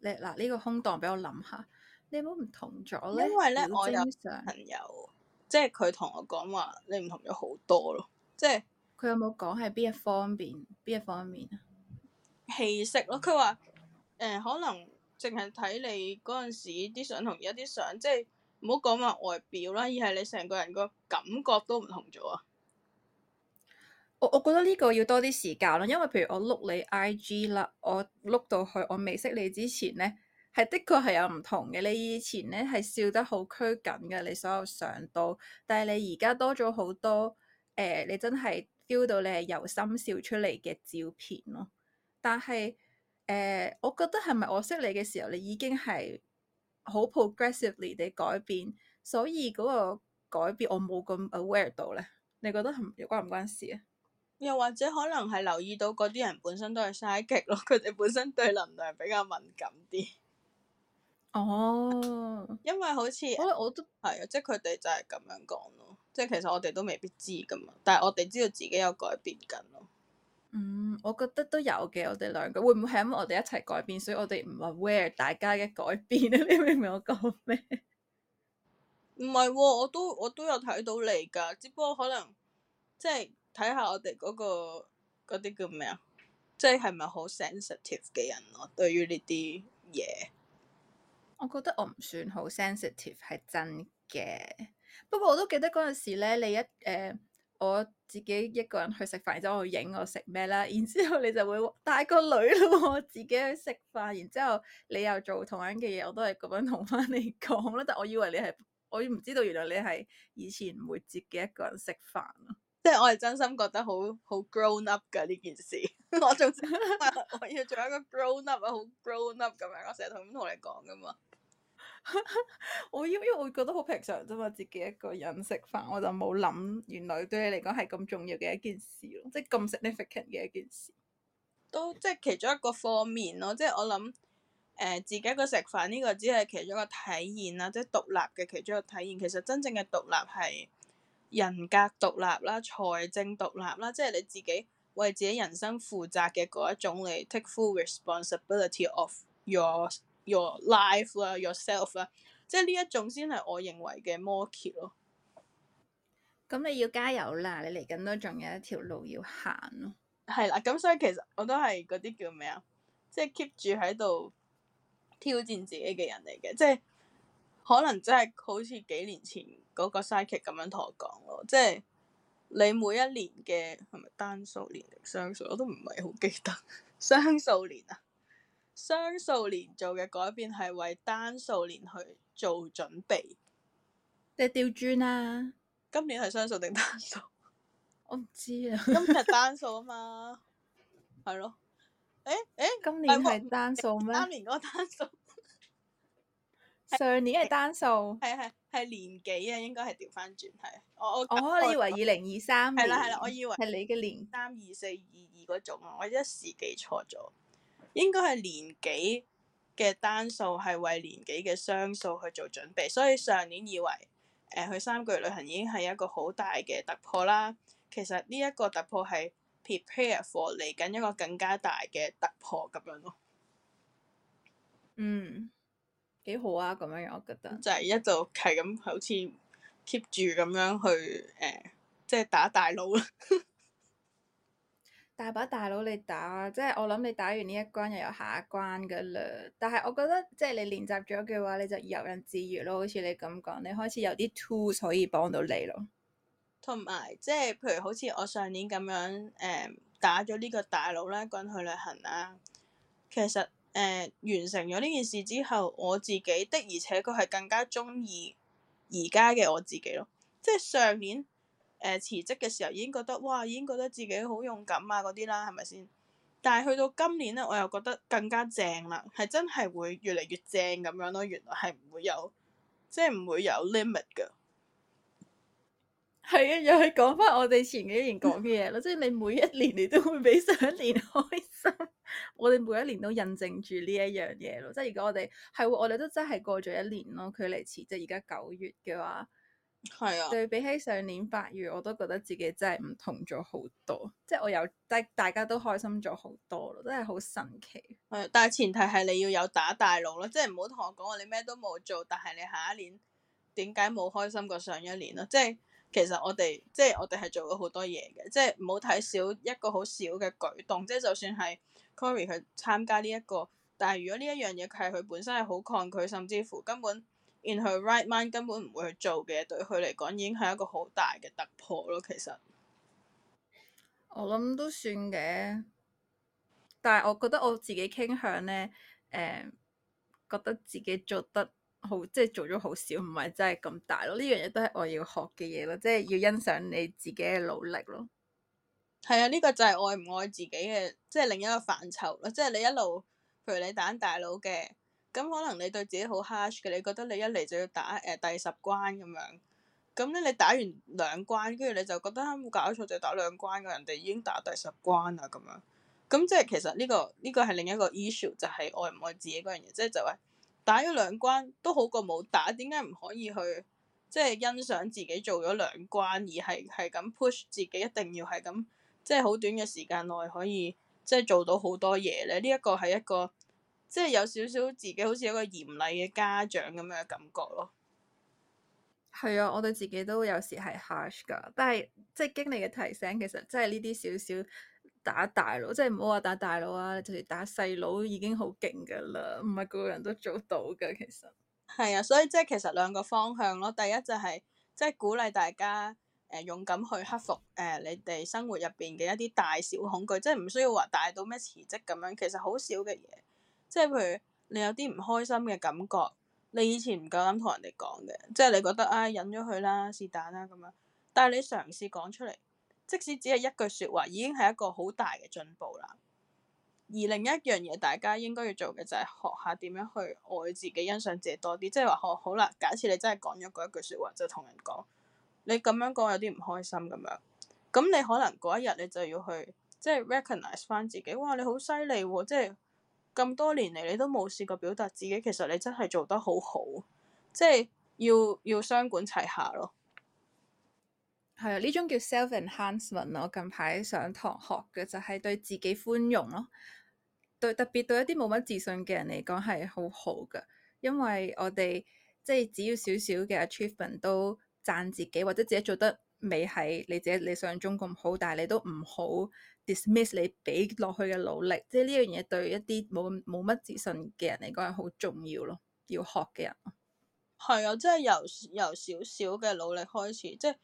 你嗱，呢個空檔俾我諗下，你有冇唔同咗咧？因為咧，我有啲朋友，即係佢同我講話，你唔同咗好多咯。即係佢有冇講係邊一方面？邊一方面啊？氣息咯，佢話誒，可能淨係睇你嗰陣時啲相同而家啲相，即係唔好講話外表啦，而係你成個人個感覺都唔同咗啊！我我覺得呢個要多啲時間咯，因為譬如我碌你 I G 啦，我碌到去我未識你之前呢，係的確係有唔同嘅。你以前呢，係笑得好拘謹嘅，你所有上到，但係你而家多咗好多誒、呃，你真係 feel 到你係由心笑出嚟嘅照片咯。但係誒、呃，我覺得係咪我識你嘅時候，你已經係好 progressively 地改變，所以嗰個改變我冇咁 aware 到呢。你覺得係關唔關事啊？又或者可能係留意到嗰啲人本身都係嘥極咯，佢哋本身對能量比較敏感啲。哦，oh. <laughs> 因為好似，well, 嗯、我都係啊、嗯，即係佢哋就係咁樣講咯。即係其實我哋都未必知噶嘛，但係我哋知道自己有改變緊咯。嗯，我覺得都有嘅。我哋兩個會唔會係因為我哋一齊改變，所以我哋唔係 aware 大家嘅改變啊？ <laughs> 你明唔明我講咩？唔 <laughs> 係、哦，我都我都有睇到你噶，只不過可能即係。就是睇下我哋嗰個嗰啲叫咩啊？即係咪好 sensitive 嘅人咯、啊？對於呢啲嘢，我覺得我唔算好 sensitive，係真嘅。不過我都記得嗰陣時咧，你一誒、呃、我自己一個人去食飯，然之後去影我食咩啦。然之後你就會帶個女喎，我自己去食飯。然之後你又做同樣嘅嘢，我都係咁樣同返你講啦。但我以為你係我唔知道，原來你係以前唔會自己一個人食飯。即係我係真心覺得好好 grown up 噶呢件事，我 <laughs> 做 <laughs> 我要做一個 grown up 啊，好 grown up 咁樣，我成日同咁同你講噶嘛。 <laughs> 我因因為我覺得好平常啫嘛，自己一個人食飯，我就冇諗原來對你嚟講係咁重要嘅一件事咯，即係咁 significant 嘅一件事。即件事都即係其中一個方面咯，即係我諗，誒、呃，自己一個食飯呢個只係其中一個體驗啦，即係獨立嘅其中一個體驗。其實真正嘅獨立係。人格獨立啦，財政獨立啦，即係你自己為自己人生負責嘅嗰一種嚟，take full responsibility of your your life 啊，yourself 啊，即係呢一種先係我認為嘅魔羯咯。咁你要加油啦，你嚟緊都仲有一條路要行咯。係啦，咁所以其實我都係嗰啲叫咩啊？即係 keep 住喺度挑戰自己嘅人嚟嘅，即係。可能真係好似幾年前嗰個 cycle 咁樣同我講咯，即係你每一年嘅係咪單數年定雙數？我都唔係好記得雙數年啊，雙數年做嘅改變係為單數年去做準備，即係調轉啦、啊。今年係雙數定單數？我唔知啊。今日單數啊嘛，係 <laughs> 咯。誒、欸、誒，欸、今年係單數咩？今、哎、年嗰個單數。上年嘅單數，係係係年幾啊？應該係調翻轉，係我我我、哦、以為二零二三年係啦係啦，我以為係你嘅年三二四二二嗰種，我一時記錯咗，應該係年幾嘅單數係為年幾嘅雙數去做準備，所以上年以為誒、呃、去三個月旅行已經係一個好大嘅突破啦。其實呢一個突破係 prepare for 嚟緊一個更加大嘅突破咁樣咯，嗯。幾好啊，咁樣樣，我覺得就係一就係咁，好似 keep 住咁樣去誒、呃，即係打大佬啦， <laughs> 大把大佬你打，即、就、係、是、我諗你打完呢一關又有下一關噶啦。但係我覺得即係你練習咗嘅話，你就遊刃有餘咯，好似你咁講，你開始有啲 tools 可以幫到你咯。同埋即係譬如好似我上年咁樣誒、呃，打咗呢個大佬啦，一個人去旅行啦，其實。誒、呃、完成咗呢件事之後，我自己的，而且佢係更加中意而家嘅我自己咯，即係上年誒辭職嘅時候已經覺得，哇，已經覺得自己好勇敢啊嗰啲啦，係咪先？但係去到今年咧，我又覺得更加正啦，係真係會越嚟越正咁樣咯，原來係唔會有，即係唔會有 limit 㗎。係啊，又係講翻我哋前幾年講嘅嘢咯， <laughs> 即係你每一年你都會比上一年開心， <laughs> 我哋每一年都印證住呢一樣嘢咯。即係如果我哋係我哋都真係過咗一年咯，距離遲即係而家九月嘅話，係啊的，對比起上年八月，我都覺得自己真係唔同咗好多。即係我有大大家都開心咗好多咯，真係好神奇。但係前提係你要有打大佬咯，即係唔好同我講我你咩都冇做，但係你下一年點解冇開心過上一年咯？即係。其實我哋即係我哋係做咗好多嘢嘅，即係唔好睇少一個好小嘅舉動，即係就算係 Cory 去參加呢、這、一個，但係如果呢一樣嘢係佢本身係好抗拒，甚至乎根本 in her right mind 根本唔會去做嘅，對佢嚟講已經係一個好大嘅突破咯。其實我諗都算嘅，但係我覺得我自己傾向咧，誒、呃、覺得自己做得。好，即係做咗好少，唔係真係咁大咯。呢樣嘢都係我要學嘅嘢咯，即係要欣賞你自己嘅努力咯。係啊，呢、這個就係愛唔愛自己嘅，即係另一個範疇咯。即係你一路，譬如你打大佬嘅，咁可能你對自己好 harsh 嘅，你覺得你一嚟就要打誒、呃、第十關咁樣，咁咧你打完兩關，跟住你就覺得冇搞錯就打兩關嘅，人哋已經打第十關啦咁樣。咁即係其實呢、這個呢、這個係另一個 issue，就係愛唔愛自己嗰樣嘢，即係就係、是。打咗兩關都好過冇打，點解唔可以去即係、就是、欣賞自己做咗兩關，而係係咁 push 自己一定要係咁，即係好短嘅時間內可以即係、就是、做到好多嘢咧？呢、這個、一個係一個即係有少少自己好似一個嚴厲嘅家長咁樣嘅感覺咯。係啊，我對自己都有時係 harsh 㗎，但係即係經你嘅提醒，其實即係呢啲少少。打大佬，即係唔好話打大佬啊！就連、是、打細佬已經好勁噶啦，唔係個個人都做到噶。其實係啊，所以即係其實兩個方向咯。第一就係即係鼓勵大家誒、呃、勇敢去克服誒、呃、你哋生活入邊嘅一啲大小恐懼，即係唔需要話大到咩辭職咁樣，其實好少嘅嘢，即、就、係、是、譬如你有啲唔開心嘅感覺，你以前唔夠膽同人哋講嘅，即、就、係、是、你覺得啊忍咗佢啦，是但啦咁樣，但係你嘗試講出嚟。即使只係一句説話，已經係一個好大嘅進步啦。而另一樣嘢，大家應該要做嘅就係學下點樣去愛自己、欣賞自己多啲。即係話，好，好啦，假設你真係講咗嗰一句説話，就同人講，你咁樣講有啲唔開心咁樣。咁你可能嗰一日你就要去，即係 recognize 翻自己，哇，你好犀利喎！即係咁多年嚟，你都冇試過表達自己，其實你真係做得好好。即係要要雙管齊下咯。係啊，呢、嗯、種叫 self enhancement。Enh ment，我近排上堂學嘅就係、是、對自己寬容咯，對特別對一啲冇乜自信嘅人嚟講係好好噶，因為我哋即係只要少少嘅 achievement 都讚自己，或者自己做得未係你自己理想中咁好，但係你都唔好 dismiss 你俾落去嘅努力，即係呢樣嘢對一啲冇冇乜自信嘅人嚟講係好重要咯，要學嘅人係啊，即係由由少少嘅努力開始，即係。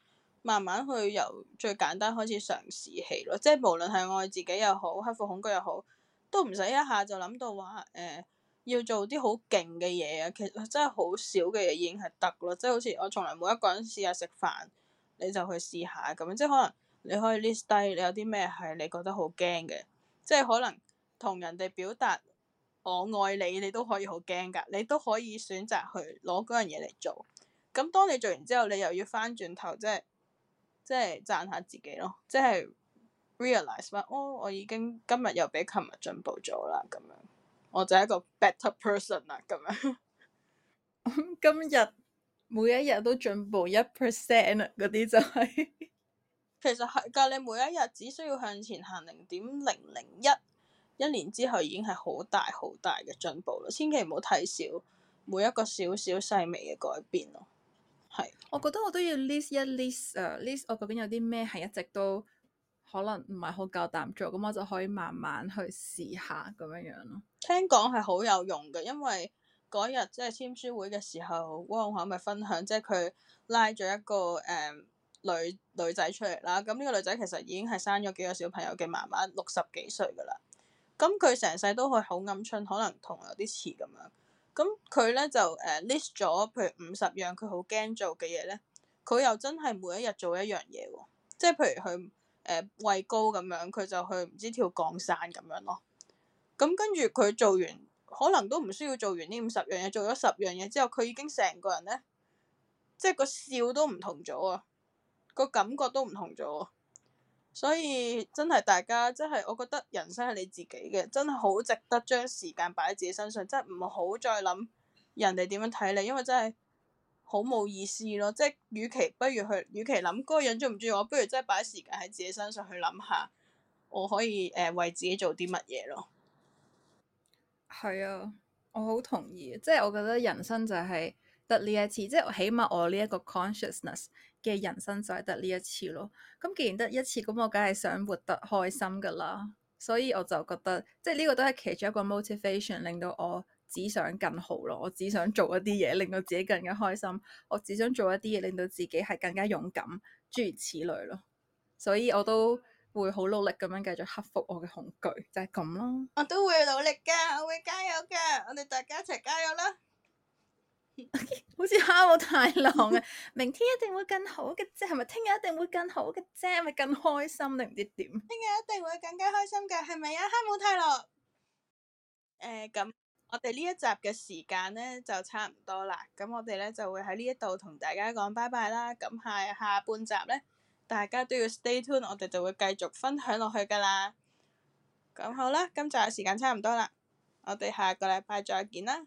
慢慢去由最簡單開始嘗試起咯，即係無論係愛自己又好，克服恐懼又好，都唔使一下就諗到話誒、呃、要做啲好勁嘅嘢啊！其實真係好少嘅嘢，已經係得咯，即係好似我從來冇一個人試下食飯，你就去試下咁樣，即係可能你可以 list 低你有啲咩係你覺得好驚嘅，即係可能同人哋表達我愛你，你都可以好驚噶，你都可以選擇去攞嗰樣嘢嚟做。咁當你做完之後，你又要翻轉頭即係。即係讚下自己咯，即係 realize 翻，哦，我已經今日又比琴日進步咗啦，咁樣，我就係一個 better person 啦，咁樣。 <laughs> 今日每一日都進步一 percent 嗰啲就係、係。其實係，教你每一日只需要向前行零點零零一，一年之後已經係好大好大嘅進步啦，千祈唔好睇少，每一個小小細微嘅改變咯。係，我覺得我都要 list 一 list 誒、uh, list 我究竟有啲咩係一直都可能唔係好夠膽做，咁我就可以慢慢去試下咁樣樣咯。聽講係好有用嘅，因為嗰日即係簽書會嘅時候，汪海咪分享，即係佢拉咗一個誒、呃、女女仔出嚟啦。咁呢個女仔其實已經係生咗幾個小朋友嘅媽媽，六十幾歲噶啦。咁佢成世都去好暗瘡，可能同我有啲似咁樣。咁佢咧就誒、uh, list 咗，譬如五十樣佢好驚做嘅嘢咧，佢又真係每一日做一樣嘢喎，即係譬如佢誒、呃、畏高咁樣，佢就去唔知跳降傘咁樣咯。咁、嗯、跟住佢做完，可能都唔需要做完呢五十樣嘢，做咗十樣嘢之後，佢已經成個人咧，即係個笑都唔同咗啊，個感覺都唔同咗啊！所以真係大家，真係我覺得人生係你自己嘅，真係好值得將時間擺喺自己身上，即係唔好再諗人哋點樣睇你，因為真係好冇意思咯。即係與其不如去，與其諗嗰個人鍾唔鍾意我，不如真係擺時間喺自己身上去諗下，我可以誒、呃、為自己做啲乜嘢咯。係啊，我好同意，即係我覺得人生就係得呢一次，即係起碼我呢一個 consciousness。嘅人生就係得呢一次咯，咁既然得一次，咁我梗係想活得開心噶啦，所以我就覺得即係呢個都係其中一個 motivation，令到我只想更好咯，我只想做一啲嘢令到自己更加開心，我只想做一啲嘢令到自己係更加勇敢，諸如此類咯，所以我都會好努力咁樣繼續克服我嘅恐懼，就係咁咯。我都會努力噶，我會加油噶，我哋大家一齊加油啦！ <laughs> 好似哈姆太郎啊！明天一定會更好嘅，啫，係咪？聽日一定會更好嘅，啫，咪更開心？定唔知點？聽日一定會更加開心噶係咪啊？哈姆太郎，咁、呃、我哋呢一集嘅時間呢，就差唔多啦。咁我哋呢，就會喺呢一度同大家講拜拜啦。咁係下，下半集呢，大家都要 stay tuned，我哋就會繼續分享落去噶啦。咁好啦，今集嘅時間差唔多啦，我哋下個禮拜再見啦。